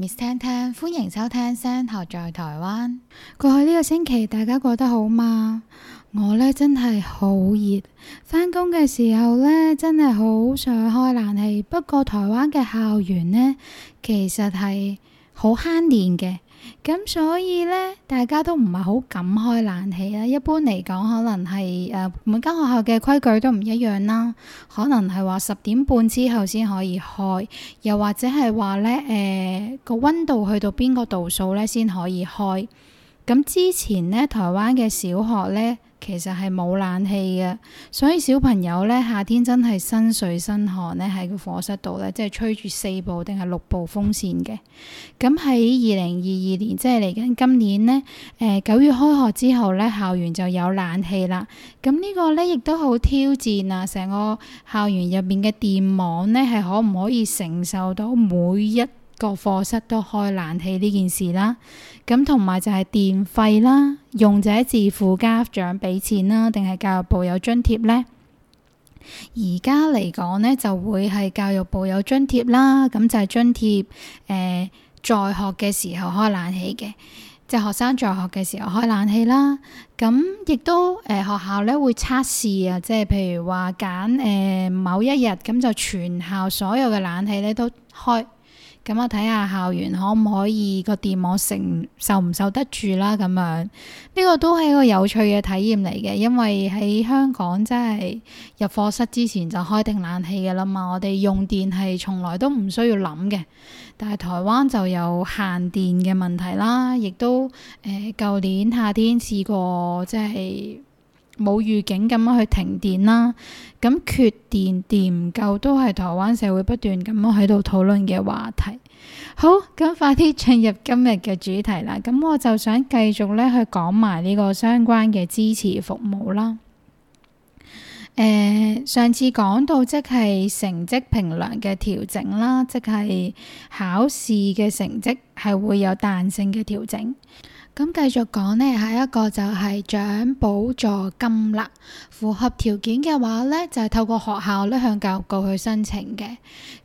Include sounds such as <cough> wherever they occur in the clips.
Miss 婷婷，tan tan，歡迎收聽聲頭在台灣。過去呢個星期，大家過得好嗎？我呢真係好熱，返工嘅時候呢真係好想開冷氣。不過台灣嘅校園呢，其實係～好慳電嘅，咁所以呢，大家都唔係好敢開冷氣啦。一般嚟講，可能係誒、呃、每間學校嘅規矩都唔一樣啦。可能係話十點半之後先可以開，又或者係話呢誒個溫度去到邊個度數呢先可以開。咁之前呢，台灣嘅小學呢，其實係冇冷氣嘅，所以小朋友呢夏天真係身水身汗呢，喺個課室度呢，即係吹住四部定係六部風扇嘅。咁喺二零二二年，即係嚟緊今年呢，誒、呃、九月開學之後呢，校園就有冷氣啦。咁呢個呢，亦都好挑戰啊！成個校園入邊嘅電網呢，係可唔可以承受到每一個課室都開冷氣呢件事啦，咁同埋就係電費啦，用者自負，家長俾錢啦，定係教育部有津貼呢？而家嚟講呢，就會係教育部有津貼啦，咁就係津貼誒、呃、在學嘅時候開冷氣嘅，即係學生在學嘅時候開冷氣啦。咁亦都誒、呃、學校呢會測試啊，即係譬如話揀誒某一日咁就全校所有嘅冷氣呢都開。咁我睇下校園可唔可以個電網承受唔受得住啦？咁樣呢、這個都係一個有趣嘅體驗嚟嘅，因為喺香港真係入課室之前就開定冷氣㗎啦嘛，我哋用電係從來都唔需要諗嘅，但係台灣就有限電嘅問題啦，亦都誒舊、呃、年夏天試過，即係。冇預警咁樣去停電啦，咁缺電電唔夠都係台灣社會不斷咁樣喺度討論嘅話題。好，咁快啲進入今日嘅主題啦。咁我就想繼續咧去講埋呢個相關嘅支持服務啦。誒、呃，上次講到即係成績評量嘅調整啦，即係考試嘅成績係會有彈性嘅調整。咁繼續講呢，下一個就係獎補助金啦。符合條件嘅話呢，就係透過學校呢向教育局去申請嘅。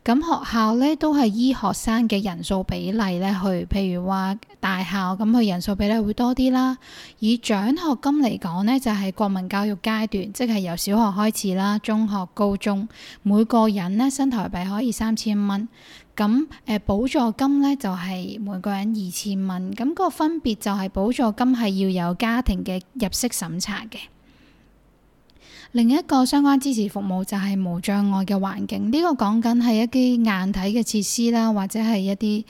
咁學校呢都係依學生嘅人數比例呢去，譬如話大校咁佢人數比例會多啲啦。以獎學金嚟講呢，就係國民教育階段，即係由小學開始啦，中學、高中，每個人呢新台幣可以三千蚊。咁誒補助金呢，就係每個人二千蚊，咁個分別就係補助金係要有家庭嘅入息審查嘅。另一個相關支持服務就係無障礙嘅環境，呢個講緊係一啲硬體嘅設施啦，或者係一啲。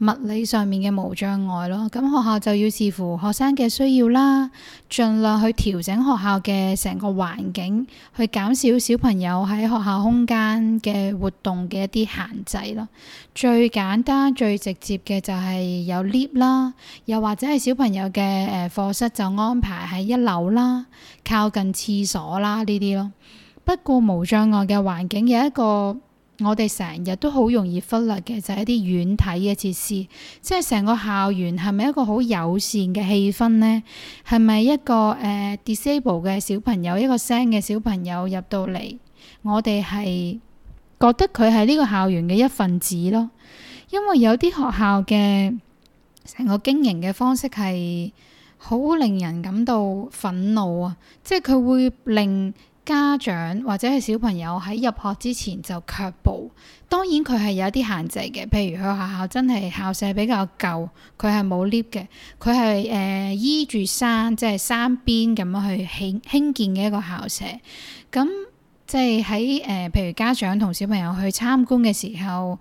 物理上面嘅無障礙咯，咁學校就要視乎學生嘅需要啦，盡量去調整學校嘅成個環境，去減少小朋友喺學校空間嘅活動嘅一啲限制咯。最簡單、最直接嘅就係有 lift 啦，又或者係小朋友嘅誒課室就安排喺一樓啦，靠近廁所啦呢啲咯。不過無障礙嘅環境有一個。我哋成日都好容易忽略嘅就係、是、一啲軟體嘅設施，即係成個校園係咪一個好友善嘅氣氛咧？係咪一個誒、uh, disable 嘅小朋友，一個 SEN 嘅小朋友入到嚟，我哋係覺得佢係呢個校園嘅一份子咯。因為有啲學校嘅成個經營嘅方式係好令人感到憤怒啊！即係佢會令。家長或者係小朋友喺入學之前就卻步，當然佢係有一啲限制嘅。譬如佢學校真係校舍比較舊，佢係冇 lift 嘅，佢係誒依住山，即係山邊咁樣去興興建嘅一個校舍。咁即係喺誒，譬如家長同小朋友去參觀嘅時候，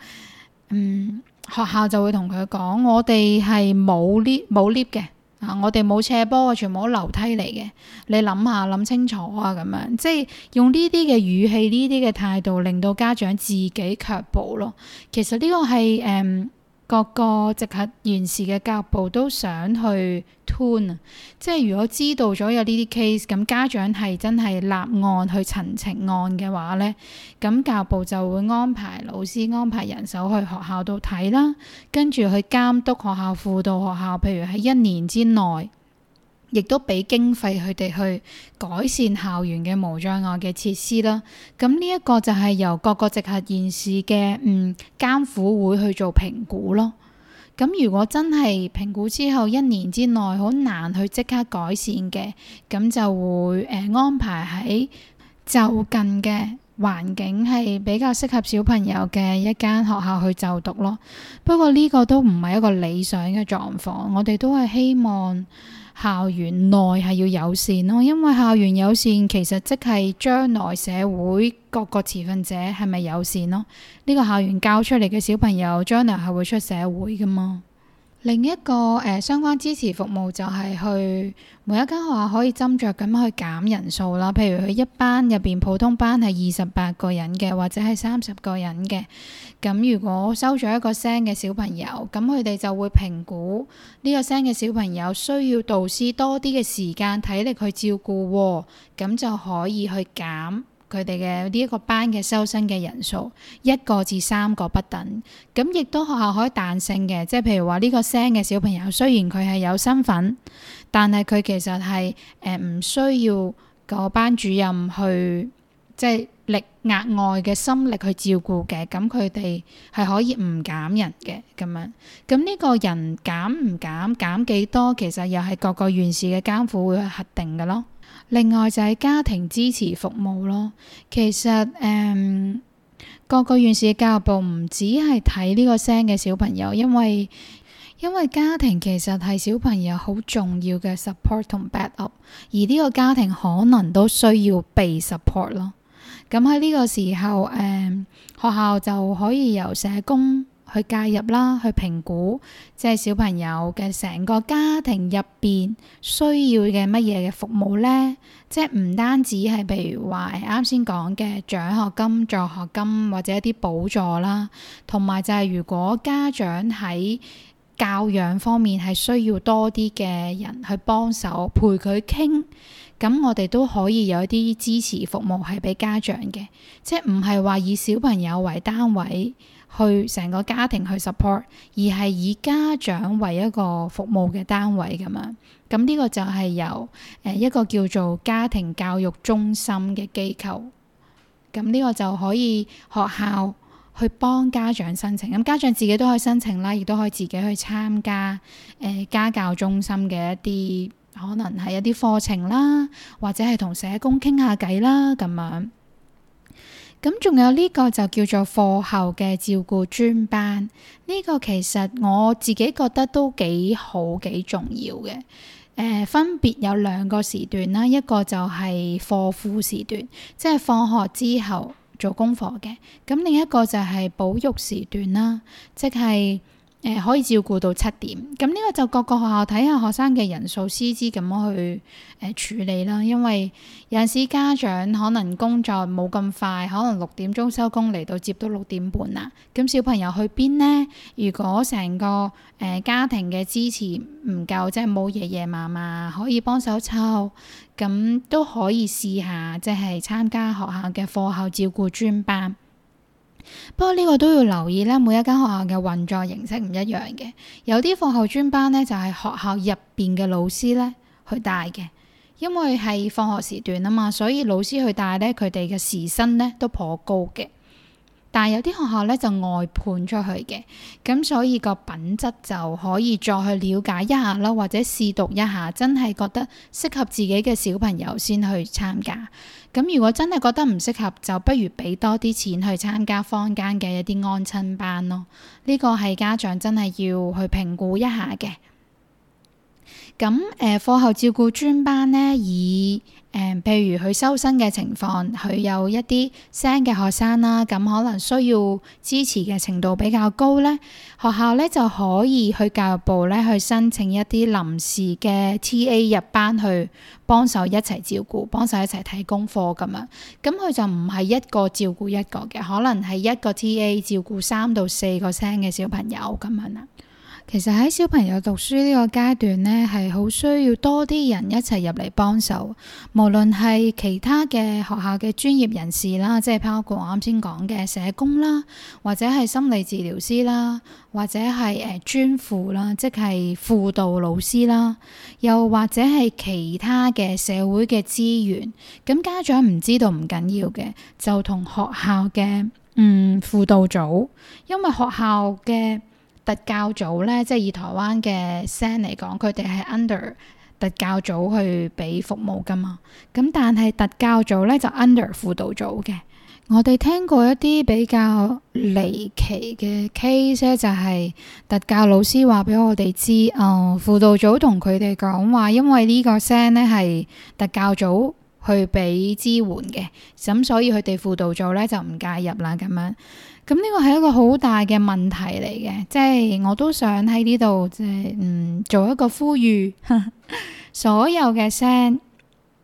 嗯，學校就會同佢講，我哋係冇 lift 冇 lift 嘅。啊！我哋冇斜坡啊，全部都樓梯嚟嘅。你諗下，諗清楚啊，咁樣即係用呢啲嘅語氣，呢啲嘅態度，令到家長自己卻步咯。其實呢個係誒。嗯各個直轄縣市嘅教育部都想去 turn 啊，即係如果知道咗有呢啲 case，咁家長係真係立案去陳情案嘅話咧，咁教育部就會安排老師，安排人手去學校度睇啦，跟住去監督學校、輔導學校，譬如喺一年之內。亦都俾經費佢哋去改善校園嘅無障礙嘅設施啦。咁呢一個就係由各個直轄縣市嘅嗯監府會去做評估咯。咁、嗯、如果真係評估之後一年之內好難去即刻改善嘅，咁、嗯、就會誒、呃、安排喺就近嘅環境係比較適合小朋友嘅一間學校去就讀咯。不過呢個都唔係一個理想嘅狀況，我哋都係希望。校園內係要友善咯，因為校園友善其實即係將來社會各個持份者係咪友善咯？呢個校園教出嚟嘅小朋友將來係會出社會㗎嘛？另一個誒、呃、相關支持服務就係去每一間學校可以斟酌咁樣去減人數啦，譬如佢一班入邊普通班係二十八個人嘅，或者係三十個人嘅，咁如果收咗一個生嘅小朋友，咁佢哋就會評估呢個生嘅小朋友需要導師多啲嘅時間體力去照顧，喎，咁就可以去減。佢哋嘅呢一個班嘅收生嘅人數一個至三個不等，咁亦都學校可以彈性嘅，即係譬如話呢個生嘅小朋友雖然佢係有身份，但係佢其實係誒唔需要個班主任去即係。即係力額外嘅心力去照顧嘅，咁佢哋係可以唔減人嘅咁樣。咁呢個人減唔減減幾多，其實又係各個縣市嘅鑑輔會去核定嘅咯。另外就係家庭支持服務咯。其實誒、嗯，各個縣市嘅教育部唔止係睇呢個聲嘅小朋友，因為因為家庭其實係小朋友好重要嘅 support 同 backup，而呢個家庭可能都需要被 support 咯。咁喺呢個時候，誒、嗯、學校就可以由社工去介入啦，去評估即係、就是、小朋友嘅成個家庭入邊需要嘅乜嘢嘅服務咧。即係唔單止係譬如話啱先講嘅獎學金、助學金或者一啲補助啦，同埋就係如果家長喺教養方面係需要多啲嘅人去幫手陪佢傾。咁我哋都可以有一啲支持服務係俾家長嘅，即係唔係話以小朋友為單位去成個家庭去 support，而係以家長為一個服務嘅單位咁樣。咁呢個就係由誒一個叫做家庭教育中心嘅機構，咁呢個就可以學校去幫家長申請，咁家長自己都可以申請啦，亦都可以自己去參加誒、呃、家教中心嘅一啲。可能係一啲課程啦，或者係同社工傾下偈啦，咁樣。咁仲有呢個就叫做課後嘅照顧專班，呢、這個其實我自己覺得都幾好幾重要嘅。誒、呃，分別有兩個時段啦，一個就係課輔時段，即係放學之後做功課嘅。咁另一個就係保育時段啦，即係。誒、呃、可以照顧到七點，咁呢個就各個學校睇下學生嘅人數、師資咁樣去誒、呃、處理啦。因為有陣時家長可能工作冇咁快，可能六點鐘收工嚟到接都六點半啦。咁小朋友去邊呢？如果成個誒、呃、家庭嘅支持唔夠，即係冇爺爺嫲嫲可以幫手湊，咁都可以試下，即、就、係、是、參加學校嘅課後照顧專班。不過呢個都要留意咧，每一間學校嘅運作形式唔一樣嘅，有啲放學專班咧就係、是、學校入邊嘅老師咧去帶嘅，因為係放學時段啊嘛，所以老師去帶咧，佢哋嘅時薪咧都頗高嘅。但係有啲學校呢，就外判出去嘅，咁所以個品質就可以再去了解一下咯，或者試讀一下，真係覺得適合自己嘅小朋友先去參加。咁如果真係覺得唔適合，就不如俾多啲錢去參加坊間嘅一啲安親班咯。呢個係家長真係要去評估一下嘅。咁誒課後照顧專班呢，以誒譬、呃、如佢收生嘅情況，佢有一啲 SEN 嘅學生啦，咁可能需要支持嘅程度比較高呢。學校呢，就可以去教育部呢，去申請一啲臨時嘅 T.A. 入班去幫手一齊照顧，幫手一齊睇功課咁啊。咁佢就唔係一個照顧一個嘅，可能係一個 T.A. 照顧三到四個 SEN 嘅小朋友咁樣啦。其實喺小朋友讀書呢個階段呢，係好需要多啲人一齊入嚟幫手，無論係其他嘅學校嘅專業人士啦，即係包括我啱先講嘅社工啦，或者係心理治療師啦，或者係誒專輔啦，即係輔導老師啦，又或者係其他嘅社會嘅資源。咁家長唔知道唔緊要嘅，就同學校嘅嗯輔導組，因為學校嘅。特教組呢，即係以台灣嘅 SEN 嚟講，佢哋係 under 特教組去俾服務噶嘛。咁但係特教組呢，就 under 輔導組嘅。我哋聽過一啲比較離奇嘅 case，呢就係特教老師話俾我哋知，誒、哦，輔導組同佢哋講話，因為呢個 SEN 呢係特教組去俾支援嘅，咁所以佢哋輔導組呢就唔介入啦，咁樣。咁呢個係一個好大嘅問題嚟嘅，即係我都想喺呢度即係嗯做一個呼籲， <laughs> 所有嘅聲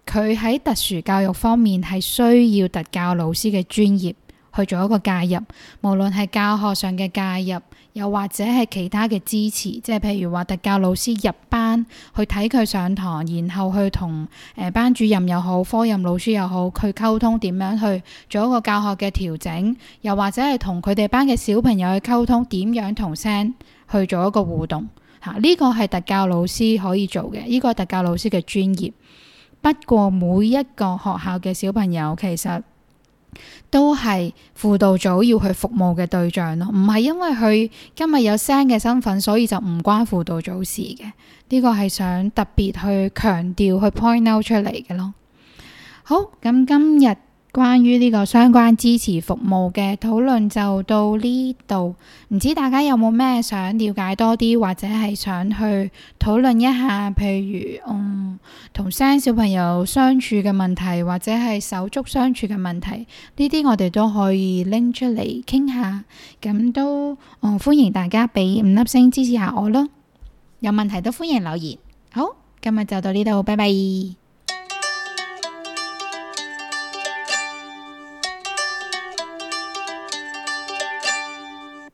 佢喺特殊教育方面係需要特教老師嘅專業去做一個介入，無論係教學上嘅介入。又或者係其他嘅支持，即係譬如話特教老師入班去睇佢上堂，然後去同誒班主任又好、科任老師又好，去溝通點樣去做一個教學嘅調整，又或者係同佢哋班嘅小朋友去溝通點樣同聲去做一個互動嚇，呢個係特教老師可以做嘅，呢個係特教老師嘅專業。不過每一個學校嘅小朋友其實，都係輔導組要去服務嘅對象咯，唔係因為佢今日有生嘅身份，所以就唔關輔導組的事嘅。呢個係想特別去強調，去 point out 出嚟嘅咯。好，咁今日。關於呢個相關支持服務嘅討論就到呢度，唔知大家有冇咩想了解多啲，或者係想去討論一下，譬如，嗯，同生小朋友相處嘅問題，或者係手足相處嘅問題，呢啲我哋都可以拎出嚟傾下，咁都，嗯，歡迎大家俾五粒星支持下我咯，有問題都歡迎留言。好，今日就到呢度，拜拜。